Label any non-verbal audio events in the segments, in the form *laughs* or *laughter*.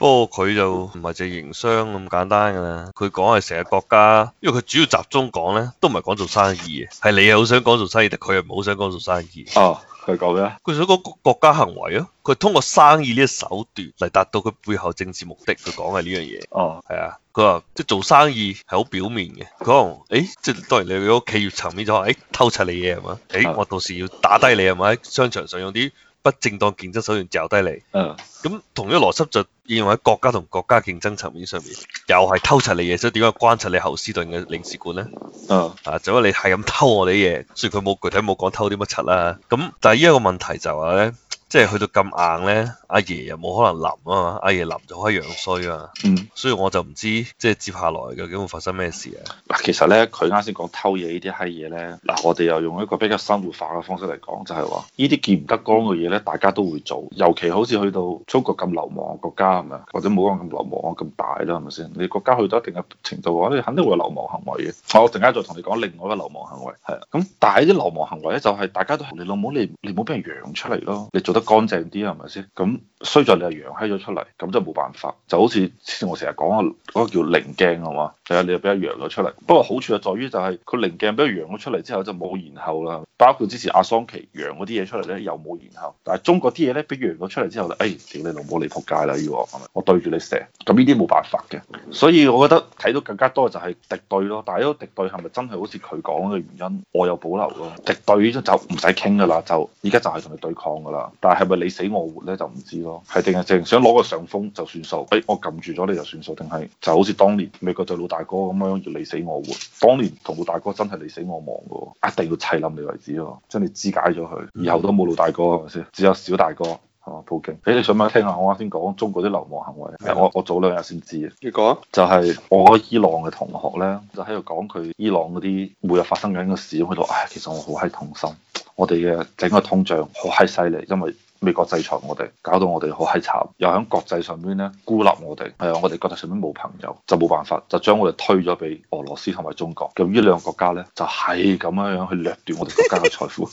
不過佢就唔係淨係營商咁簡單噶啦，佢講係成個國家，因為佢主要集中講咧，都唔係講做生意嘅，係你又好想講做生意，但佢又唔好想講做生意。哦，佢講咩啊？佢想講國家行為咯，佢通過生意呢個手段嚟達到佢背後政治目的，佢講係呢樣嘢。哦，係啊，佢話即係做生意係好表面嘅，佢話誒，即係當然你如果企業層面就話誒偷竊你嘢係嘛，誒、欸、我到時要打低你係咪？喺商場上用啲。不正當競爭手段嚼低你，嗯，咁同一個邏輯就應用喺國家同國家競爭層面上面，又係偷賊你嘢，所以點解要關察你侯斯頓嘅領事館咧？嗯，uh. 啊，就因為你係咁偷我哋嘢，所以佢冇具體冇講偷啲乜柒啦。咁但係依一個問題就係話咧。即係去到咁硬咧，阿爺，爺又冇可能淋啊，阿爺淋就可以樣衰啊嘛，嗯，所以我就唔知即係接下來究竟會發生咩事啊？嗱，其實咧，佢啱先講偷嘢呢啲閪嘢咧，嗱，我哋又用一個比較生活化嘅方式嚟講，就係話呢啲見唔得光嘅嘢咧，大家都會做，尤其好似去到中國咁流氓嘅國家咁樣，或者冇講咁流氓咁大啦，係咪先？你國家去到一定嘅程度嘅話，你肯定會有流氓行為嘅。我陣間再同你講另外一個流氓行為，係啊，咁的但係啲流氓行為咧、就係，就係大家都係你老母，你你唔好俾人養出嚟咯，你做得。乾淨啲係咪先？咁衰在你係揚閪咗出嚟，咁就冇辦法，就好似之前我成日講啊嗰個叫稜鏡係嘛？係啊，你又俾佢揚咗出嚟。不過好處就係在於就係佢稜鏡俾佢揚咗出嚟之後就冇延後啦。包括之前阿桑奇揚嗰啲嘢出嚟咧又冇延後。但係中國啲嘢咧俾揚咗出嚟之後咧，誒、哎、屌你老母嚟撲街啦！要我對住你射，咁呢啲冇辦法嘅。所以我覺得睇到更加多就係敵對咯。但係呢個敵對係咪真係好似佢講嘅原因？我有保留咯。敵對就唔使傾㗎啦，就而家就係同佢對抗㗎啦。但係咪你死我活咧就唔知咯，係定係淨想攞個上風就算數？誒，我撳住咗你就算數，定係就好似當年美國對老大哥咁樣要你死我活。當年同老大哥真係你死我亡噶，一定要砌冧你為止咯，將你肢解咗佢，以後都冇老大哥係咪先？只有小大哥啊，普京。誒、欸，你想唔想聽下我啱先講中國啲流氓行為？我我早兩日先知啊。結果，就係、是、我伊朗嘅同學咧，就喺度講佢伊朗嗰啲每日發生緊嘅事，佢話：，唉，其實我好喺痛心。我哋嘅整個通脹好閪犀利，因為美國制裁我哋，搞到我哋好閪慘，又喺國際上邊咧孤立我哋，係啊，我哋國際上邊冇朋友就冇辦法，就將我哋推咗俾俄羅斯同埋中國，咁呢兩個國家咧就係咁樣樣去掠奪我哋國家嘅財富。 *laughs*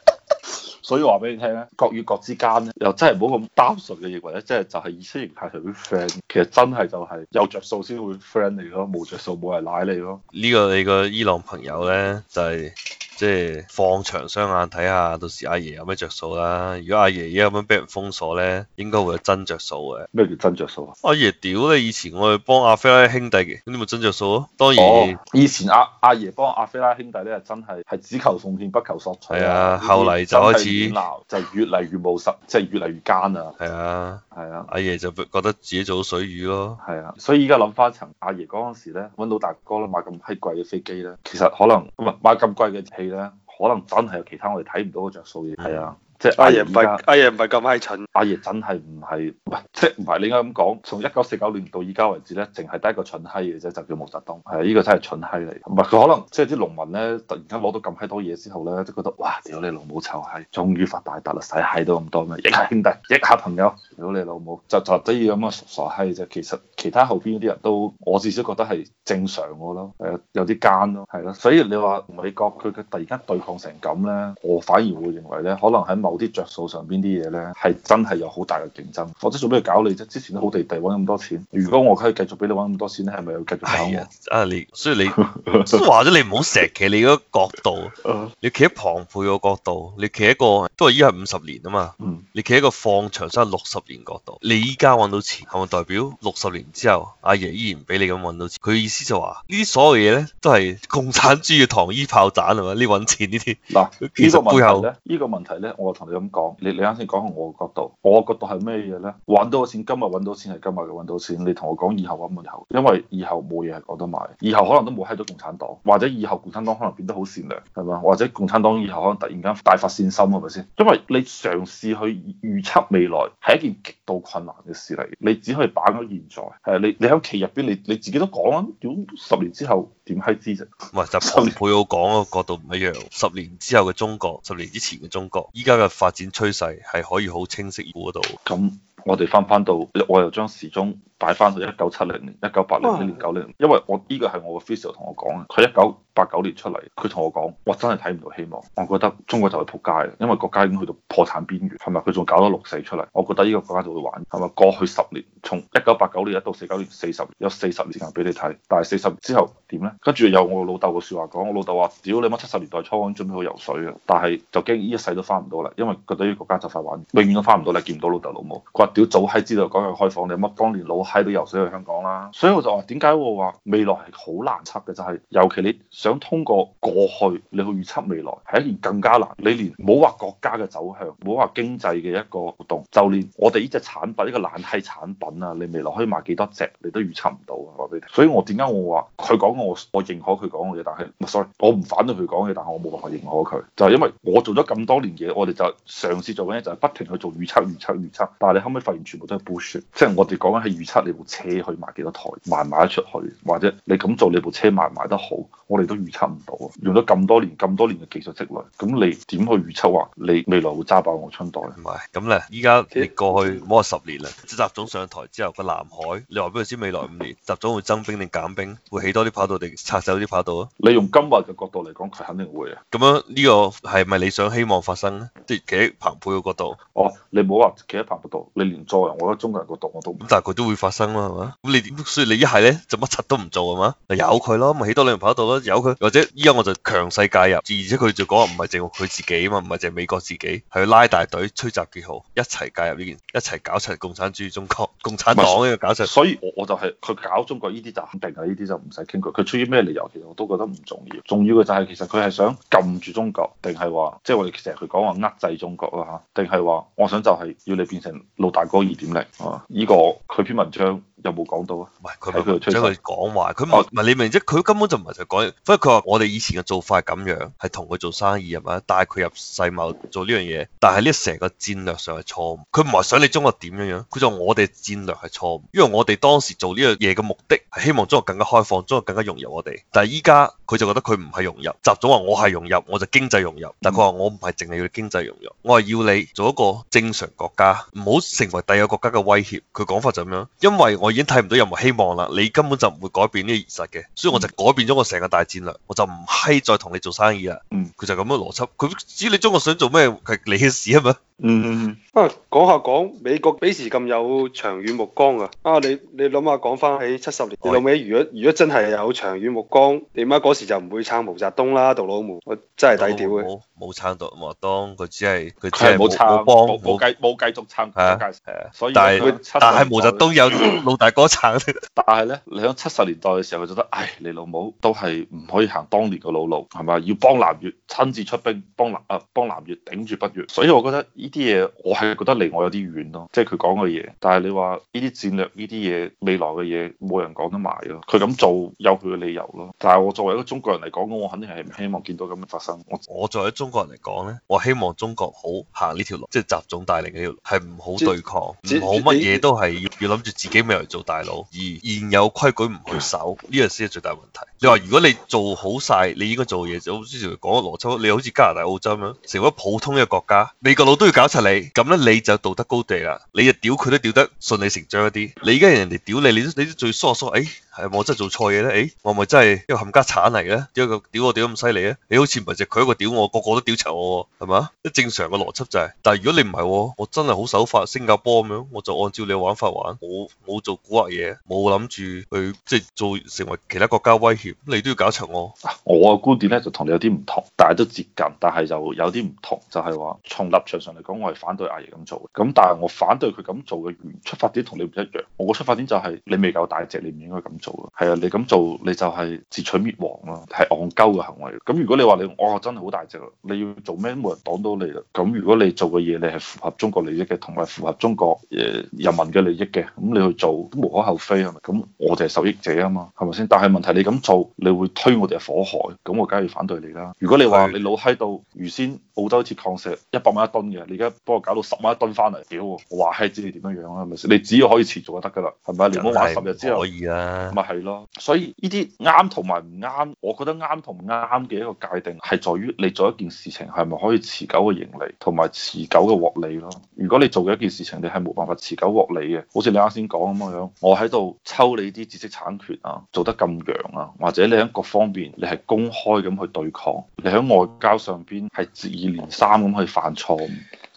*laughs* 所以話俾你聽咧，國與國之間咧，又真係唔好咁單純嘅認為咧，即係就係意識形態上邊 friend，其實真係就係有着數先會 friend 你咯，冇着數冇人拉你咯。呢個你個伊朗朋友咧就係、是。即係放長雙眼睇下，到時阿爺有咩着數啦？如果阿爺而家咁樣俾人封鎖咧，應該會有真着數嘅。咩叫真着數啊？阿爺屌咧！以前我係幫阿菲拉兄弟嘅，咁你咪真着數啊？當然、哦，以前阿阿爺幫阿菲拉兄弟咧，真係係只求奉獻不求索取。係啊，後嚟就開始越就是、越嚟越冇實，即、就、係、是、越嚟越奸啊！係啊，係啊，啊阿爺就覺得自己做好水魚咯。係啊，所以而家諗翻一層，阿爺嗰陣時咧，搵到大哥啦，買咁閪貴嘅飛機咧，其實可能唔係買咁貴嘅。可能真係有其他我哋睇唔到嘅著數嘅，係啊。即係阿爺唔係阿爺唔係咁閪蠢，阿爺真係唔係，唔係即係唔係你而家咁講，從一九四九年到而家為止咧，淨係得一個蠢閪嘅啫，就叫毛澤東，係呢個真係蠢閪嚟，唔係佢可能即係啲農民咧，突然間攞到咁閪多嘢之後咧，就覺得哇，屌你老母臭閪，終於發大達啦，使閪到咁多咩？益下兄弟，益下朋友，屌你老母就就得咁啊傻閪啫，其實其他後邊嗰啲人都，我至少覺得係正常個咯，係有啲奸咯，係咯，所以你話美國佢佢突然間對抗成咁咧，我反而會認為咧，可能喺某啲着數上邊啲嘢咧，係真係有好大嘅競爭。或者做咩搞你啫？之前都好地地揾咁多錢，如果我可以繼續俾你揾咁多錢咧，係咪要繼續搞我？哎、啊你，所以你即係話咗你唔好成日企你嗰個角， *laughs* 角度，你企喺旁配個角度，你企喺個都話依係五十年啊嘛，嗯、你企喺個放長線六十年角度，你依家揾到錢係咪代表六十年之後阿、啊、爺依然俾你咁揾到錢？佢意思就話呢啲所有嘢咧，都係共產主義糖衣炮彈係嘛？你揾錢呢啲嗱，呢、啊啊這個問題咧，呢、這個問題咧，我。同你咁講，你你啱先講係我個角度，我個角度係咩嘢咧？揾到嘅錢，今日揾到錢係今日嘅揾到錢。你同我講以後揾唔到，因為以後冇嘢係講得埋，以後可能都冇閪到共產黨，或者以後共產黨可能變得好善良，係咪？或者共產黨以後可能突然間大發善心，係咪先？因為你嘗試去預測未來係一件極度困難嘅事嚟，你只可以把握現在。係你你喺期入邊，你你，你，你自己都講啦，如果十年之後點閪知啫？唔係就係配我講嗰個角度唔一樣。十年之後嘅中國，十年之前嘅中國，依家嘅。發展趨勢係可以好清晰估得到。咁。我哋翻翻到，我又將時鐘擺翻到一九七零年、一九八零年、一九九零年，因為我呢個係我個 official 同我講嘅，佢一九八九年出嚟，佢同我講，我真係睇唔到希望，我覺得中國就會撲街，因為國家已經去到破產邊緣，係咪？佢仲搞咗六四出嚟，我覺得呢個國家就會玩，係咪？過去十年，從一九八九年一到四九年四十，有四十年時間俾你睇，但係四十年之後點呢？跟住有我老豆個説話講，我老豆話：屌你媽七十年代初，我準備去游水嘅，但係就驚呢一世都翻唔到啦，因為覺得呢個國家就快玩，永遠都翻唔到嚟，見唔到老豆老母。屌早閪知道改革開放你乜？當年老閪都游水去香港啦，所以我就話點解我話未來係好難測嘅，就係尤其你想通過過去你去預測未來，係一件更加難。你連冇話國家嘅走向，冇話經濟嘅一個活動，就連我哋呢隻產品，呢個冷氣產品啊，你未來可以賣幾多隻，你都預測唔到啊！我話俾你聽，所以我點解我話佢講我我認可佢講嘅嘢，但係唔係 sorry，我唔反對佢講嘢，但係我冇辦法認可佢，就係因為我做咗咁多年嘢，我哋就嘗試做緊就係不停去做預測、預測、預測，但係你後發現全部都係 bullshit，即係我哋講緊係預測你部車可以賣幾多台，賣唔賣得出去，或者你咁做你部車賣唔賣得好，我哋都預測唔到啊！用咗咁多年咁多年嘅技術積累，咁你點去預測啊？你未來會揸爆我春袋？唔係，咁咧依家你過去摸十年啦，習總上台之後個南海，你話畀佢知未來五年習總會增兵定減兵，會起多啲跑道定拆走啲跑道啊？你用今日嘅角度嚟講，佢肯定會啊！咁樣呢個係咪你想希望發生咧？即係企喺彭佩嘅角度？哦，你唔好話企喺彭佩嘅角度，你。作為我覺得中國人個獨，咁但係佢都會發生啦，係嘛？咁你點？所以你一係咧就乜柒都唔做係嘛？嚟由佢咯，咪起多兩樣跑道咯，由佢，或者依家我就強勢介入，而且佢就講話唔係淨係佢自己啊嘛，唔係淨係美國自己，係拉大隊吹集結號，一齊介入呢件，一齊搞柒共產主義中國、共產黨呢個搞柒。所以我，我我就係、是、佢搞中國呢啲就肯定係，呢啲就唔使傾佢。佢出於咩理由，其實我都覺得唔重要。重要嘅就係、是、其實佢係想撳住中國，定係話即係我哋成日佢講話遏制中國啦吓，定係話我想就係要你變成老大。高二點零啊！呢個佢篇文章。有冇講到啊？唔係佢佢將佢講話，佢唔咪你明啫。佢根本就唔係就講，所以佢話我哋以前嘅做法咁樣，係同佢做生意係咪？帶佢入世貿做呢樣嘢，但係呢成個戰略上係錯誤。佢唔係想你中國點樣樣，佢就話我哋戰略係錯誤，因為我哋當時做呢樣嘢嘅目的係希望中國更加開放，中國更加融入我哋。但係依家佢就覺得佢唔係融入，習總話我係融入，我就經濟融入，但佢話我唔係淨係要經濟融入，mm hmm. 我係要你做一個正常國家，唔好成為第二國家嘅威脅。佢講法就咁樣，因為我。已經睇唔到任何希望啦，你根本就唔會改變呢個現實嘅，所以我就改變咗我成個大戰略，我就唔係再同你做生意啦。嗯，佢就咁樣邏輯，佢知你中國想做咩，係你嘅事啊嘛。嗯嗯、mm hmm. 啊，講下講美國幾時咁有長遠目光啊？啊你你諗下講翻喺七十年代老尾，如果如果真係有長遠目光，點解嗰時就唔會撐毛澤東啦？杜魯門真係抵屌嘅，冇撐到毛澤東，佢只係佢只係冇幫冇繼冇繼續撐，係啊係啊，啊所以佢但係毛澤東有老大哥撐， *laughs* *laughs* 但係咧你喺七十年代嘅時候，佢覺得唉，你老母都係唔可以行當年嘅老路，係咪？要幫南越親自出兵幫南啊幫南越頂住北越，所以我覺得。呢啲嘢我係覺得離我有啲遠咯，即係佢講嘅嘢。但係你話呢啲戰略，呢啲嘢，未來嘅嘢冇人講得埋咯。佢咁做有佢嘅理由咯。但係我作為一個中國人嚟講，我肯定係唔希望見到咁樣發生。我我作為中國人嚟講咧，我希望中國好行呢條路，即係習總帶領嘅路，係唔好對抗，唔好乜嘢都係要要諗住自己未來做大佬，而現有規矩唔去守呢樣先係最大問題。你話如果你做好晒，你應該做嘢，就好似前講嘅邏輯，你好似加拿大、澳洲咁，成為普通嘅國家，你個腦都要。搞柒你咁咧，這樣你就道德高地啦。你就屌佢都屌得順理成章一啲。你依家人哋屌你，你都你都最疏疏哎。係我真係做錯嘢咧？誒、欸，我咪真係因為冚家鏟嚟嘅，因為佢屌我屌咁犀利咧？你好似唔係只佢一個屌我，個個都屌柴我，係嘛？啲正常嘅邏輯就係、是，但係如果你唔係、哦，我真係好守法，新加坡咁樣，我就按照你玩法玩，冇冇做蠱惑嘢，冇諗住去即係做成為其他國家威脅，你都要搞一場我。我嘅觀點咧就同你有啲唔同，但係都接近，但係就有啲唔同，就係、是、話從立場上嚟講，我係反對阿爺咁做嘅，咁但係我反對佢咁做嘅原出發點同你唔一樣，我嘅出發點就係、是、你未夠大隻，你唔應該咁做。做係啊！你咁做你就係自取滅亡咯，係戇鳩嘅行為。咁如果你話你我真係好大隻啦，你要做咩冇人擋到你啦。咁如果你做嘅嘢你係符合中國利益嘅，同埋符合中國誒人民嘅利益嘅，咁你去做都無可厚非，係咪？咁我哋係受益者啊嘛，係咪先？但係問題你咁做，你會推我哋係火海。咁我梗係要反對你啦。如果你話你老閪到原先澳洲鐵礦石一百萬一噸嘅，你而家幫我搞到十萬一噸翻嚟，屌我閪知你點樣樣啦，係咪先？你只要可以持續就得㗎啦，係咪？你唔好話十日之後可以啊？咪係咯，所以呢啲啱同埋唔啱，我覺得啱同唔啱嘅一個界定係在於你做一件事情係咪可以持久嘅盈利同埋持久嘅獲利咯。如果你做嘅一件事情你係冇辦法持久獲利嘅，好似你啱先講咁嘅樣，我喺度抽你啲知識產權啊，做得咁樣啊，或者你喺各方面你係公開咁去對抗，你喺外交上面係接二連三咁去犯錯誤。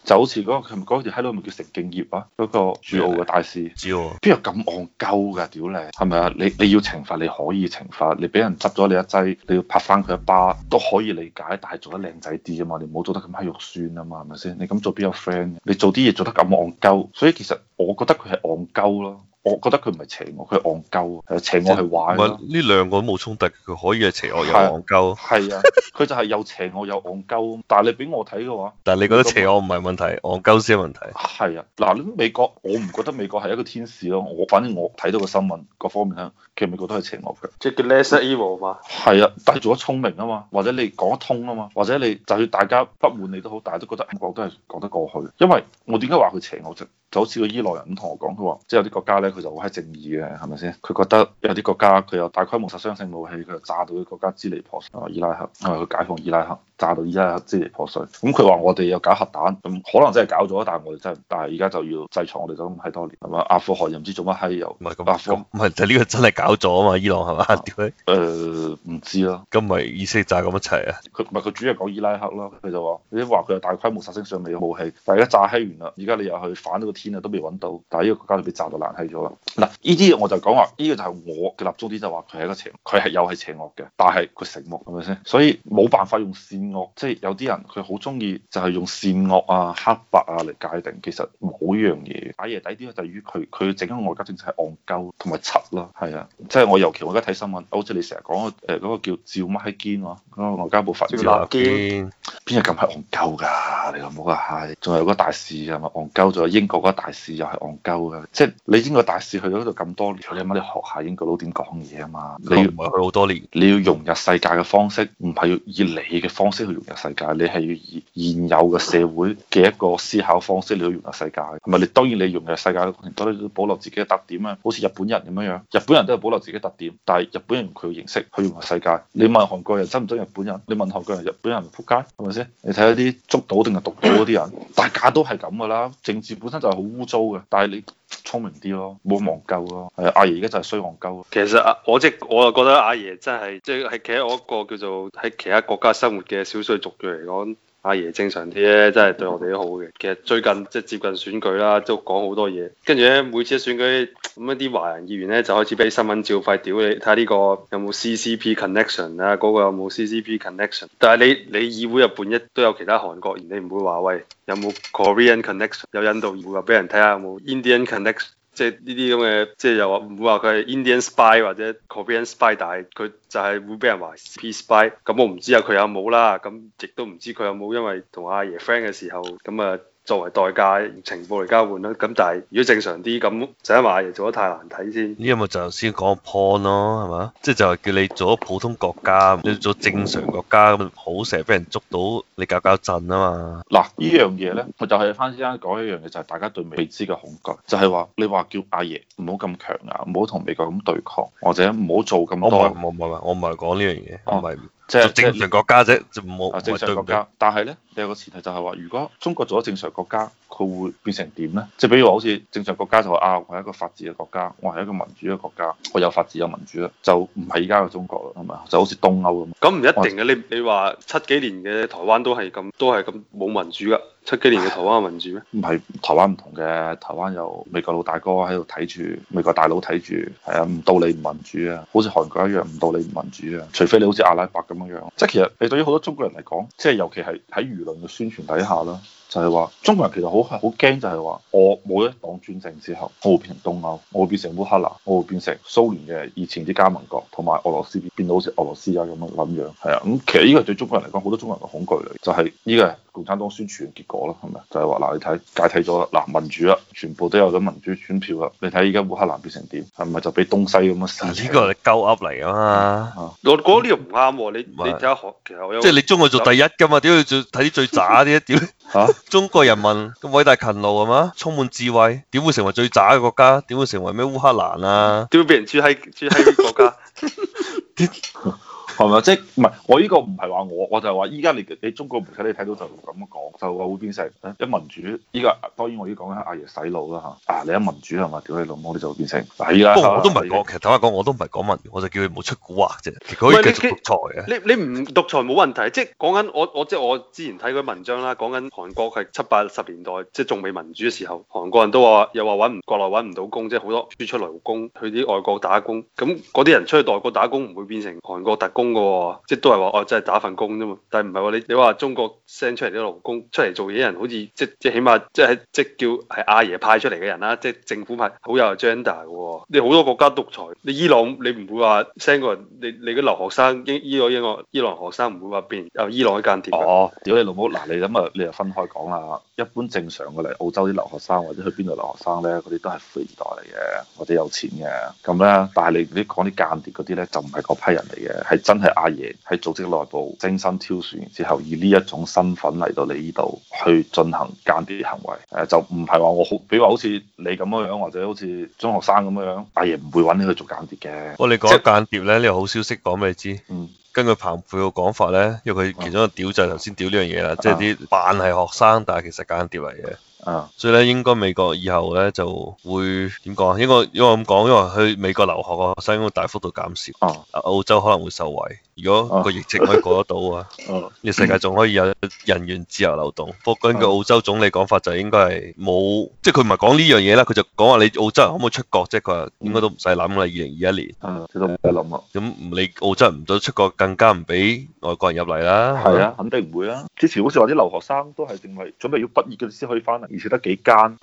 就好似嗰、嗰個，佢唔係嗰條閪佬，咪叫成競業啊，嗰、嗰個駐澳嘅大使，邊有咁戇鳩㗎？屌你，係咪啊？你你要懲罰，你可以懲罰，你俾人執咗你一劑，你要拍翻佢一巴都可以理解，但係做得靚仔啲啊嘛，你唔好做得咁閪肉酸啊嘛，係咪先？你咁做邊有 friend？你做啲嘢做得咁戇鳩，所以其實我覺得佢係戇鳩咯。我覺得佢唔係邪惡，佢係戇鳩。邪惡係玩。呢兩個都冇衝突，佢可以係邪惡又戇鳩。係啊，佢、啊、 *laughs* 就係又邪惡又戇鳩。但係你俾我睇嘅話，但係你覺得邪惡唔係問題，戇鳩先係問題。係啊，嗱，你美國，我唔覺得美國係一個天使咯。我反正我睇到個新聞，各方面咧，其實美國都係邪惡嘅。即叫 less *laughs* evil 嘛？係啊，但係做得聰明啊嘛，或者你講得通啊嘛，或者你就算大家不滿你都好，大家都覺得美國都係講得過去。因為我點解話佢邪惡就就好似個伊朗人咁同我講，佢話即係有啲國家咧。佢就好閪正義嘅，係咪先？佢覺得有啲國家佢有大規模殺傷性武器，佢就炸到啲國家支離破碎。伊拉克，因、嗯、佢解放伊拉克，炸到伊拉克支離破碎。咁佢話我哋又搞核彈，咁、嗯、可能真係搞咗，但係我哋真係，但係而家就要制裁我哋咗咁閪多年，係嘛？阿富汗又唔知做乜閪又，唔係咁，阿富唔係就呢個真係搞咗啊嘛？伊朗係嘛？點咧？誒唔知咯。咁咪意思炸係咁一齊啊？佢唔係佢主要講伊拉克咯，佢就話啲話佢有大規模殺傷性武器，但係而家炸閪完啦，而家你又去反到個天啊都未揾到，但係呢個國家就俾炸到爛閪咗嗱，呢啲我就講話，呢個就係我嘅立足點，就話佢係一個邪，佢係又係邪惡嘅，但係佢醒目，係咪先？所以冇辦法用善惡，即係有啲人佢好中意就係用善惡啊、黑白啊嚟界定，其實。每樣嘢，打嘢底啲就係於佢佢整個外交政策係戇鳩同埋柒咯，係啊，即係我尤其我而家睇新聞，好似你成日講誒嗰個叫趙乜閪堅喎，嗰個、外交部發言。趙立堅邊有咁閪戇鳩㗎？你唔好話係，仲有個大使係咪戇鳩？仲有英國嗰個大使又係戇鳩嘅，即係你英國大使去咗度咁多年，你咪學下英國佬點講嘢啊嘛？你去好多年，你要融入世界嘅方式，唔係要以你嘅方式去融入世界，你係要以現有嘅社會嘅一個思考方式嚟到融入世界。係咪？是是你當然你用嘅世界嘅過程，都保留自己嘅特點啊！好似日本人咁樣樣，日本人都係保留自己嘅特點，但係日本人佢嘅形式去用世界。你問韓國人憎唔憎日本人？你問韓國人日本人係撲街？係咪先？你睇下啲捉到定係讀到嗰啲人，大家都係咁噶啦。政治本身就係好污糟嘅，但係你聰明啲咯，冇忘舊咯。係啊，阿爺而家就係衰忘舊。其實阿我即、就是、我，又覺得阿爺真係即係企喺我一個叫做喺其他國家生活嘅小水族嘅嚟講。阿爺正常啲咧，真係對我哋都好嘅。其實最近即係接近選舉啦，都講好多嘢。跟住咧，每次選舉咁一啲華人議員咧，就開始俾新聞照快屌你，睇下呢個有冇 CCP connection 啊，嗰個有冇 CCP connection。但係你你議會入邊一都有其他韓國人，你唔會話喂有冇 Korean connection？有印度議會人會話俾人睇下有冇 Indian connection？即係呢啲咁嘅，即係又話唔會話佢係 Indian spy 或者 Korean spy，但係佢就係會俾人話 spy 有有。咁我唔知啊，佢有冇啦。咁亦都唔知佢有冇因為同阿爺 friend 嘅時候咁啊。作為代價情報嚟交換啦，咁但係如果正常啲咁，就係話阿爺做得太難睇先。呢一咪就先、是、講 point 咯，係嘛？即係就係、是、叫你做普通國家，你做正常國家咁，好成日俾人捉到，你搞搞震啊嘛。嗱，呢樣嘢咧，就係番先生講一樣嘢就係、是、大家對未知嘅恐懼，就係、是、話你話叫阿爺唔好咁強硬，唔好同美國咁對抗，或者唔好做咁多冇冇冇冇。我唔係，我唔係講呢樣嘢，我唔係。即係正常國家啫，就冇啊正常國家。但係咧，你有個前提就係話，如果中國做咗正常國家，佢會變成點咧？即係比如話，好似正常國家就話、是、啊，我係一個法治嘅國家，我係一個民主嘅國家，我有法治有民主啦，就唔係而家嘅中國啦，係咪？就好似東歐咁。咁唔一定嘅，你你話七幾年嘅台灣都係咁，都係咁冇民主噶。七幾年嘅台灣民主咩？唔係，台灣唔同嘅，台灣有美國老大哥喺度睇住，美國大佬睇住，係啊，唔道理唔民主啊，好似韓國一樣，唔道理唔民主啊，除非你好似阿拉伯咁樣樣，即係其實你對於好多中國人嚟講，即係尤其係喺輿論嘅宣傳底下啦。就係話中國人其實好好驚，就係話我冇一黨專政之後，我會變成東歐，我會變成烏克蘭，我會變成蘇聯嘅以前啲加盟國，同埋俄羅斯變到好似俄羅斯啊咁樣咁樣，係啊，咁其實呢個對中國人嚟講，好多中國人嘅恐懼嚟，就係呢個共產黨宣傳嘅結果咯，係咪？就係話嗱，你睇解體咗啦，嗱民主啦，全部都有咗民主選票啦，你睇依家烏克蘭變成點，係咪就俾東西咁嘅事？呢個你鳩噏嚟啊嘛！我覺得呢個唔啱喎，你是你睇下其實我即係你中國做第一噶嘛？點解 *laughs* 要最睇啲最渣啲？點？ *laughs* 吓、啊！中國人民咁偉大勤勞係嗎？充滿智慧，點會成為最渣嘅國家？點會成為咩烏克蘭啊？點會俾人豬閪豬閪呢個國家？係咪即係唔係？我呢個唔係話我，我就係話依家你你中國媒體你睇到就咁講，就話會變成一民主依家當然我已經講緊阿爺洗腦啦嚇。啊，你一民主係咪屌你老母？你就會變成係啦。啊、的不過我都唔係講，的其實坦白講我都唔係講民主，我，我就叫佢唔好出蠱惑啫。佢可以繼續獨裁啊！你你唔獨裁冇問題，即係講緊我我即係我之前睇嗰文章啦，講緊韓國係七八十年代即係仲未民主嘅時候，韓國人都話又話揾唔國內揾唔到工，即係好多輸出勞工去啲外國打工。咁嗰啲人出去外國打工唔會變成韓國特工。嘅，即係都係話，我真係打份工啫嘛。但係唔係話你，你話中國 send 出嚟啲勞工出嚟做嘢人，好似即即起碼即係即叫係阿爺派出嚟嘅人啦，即係政府派，好有 agenda 嘅。你好多國家獨裁，你伊朗你唔會話 send 個人你你嘅留學生英伊，伊朗英國伊，伊朗學生唔會話變啊伊朗嘅間諜。哦，屌你老母嗱，你諗啊，你又分開講啦。一般正常嘅嚟澳洲啲留學生或者去邊度留學生咧，嗰啲都係富二代嚟嘅，或者有錢嘅咁啦。但係你你講啲間諜嗰啲咧，就唔係嗰批人嚟嘅，係真。係阿爺喺組織內部精心挑選之後，以呢一種身份嚟到你呢度去進行間諜行為，誒、呃，就唔係話我好，比如話好似你咁樣樣，或者好似中學生咁樣樣，阿爺唔會搵你去做間諜嘅。我你講間諜咧，呢個即好消息講俾你知。嗯，根據彭佩嘅講法咧，因為佢其中一個屌就係頭先屌呢樣嘢啦，即係啲扮係學生，但係其實間諜嚟嘅。啊！所以咧，應該美國以後咧就會點講？應該因為咁講，因為去美國留學嘅學生會大幅度減少，啊，uh，澳洲可能會受惠。如果個疫情可以過得到啊， *laughs* 呢世界仲可以有人員自由流動。不過根據澳洲總理講法就係應該係冇， *coughs* 即係佢唔係講呢樣嘢啦，佢就講話你澳洲人可唔可以出國啫？佢話應該都唔使諗啦，二零二一年，嗯，都唔使諗啊。咁你是 *coughs* 澳洲人唔到出國，更加唔俾外國人入嚟啦。係 *coughs* 啊，肯定唔會啦，啊。 *coughs* 之前好似話啲留學生都係淨係準備要畢業嘅先可以翻嚟，而且得幾間。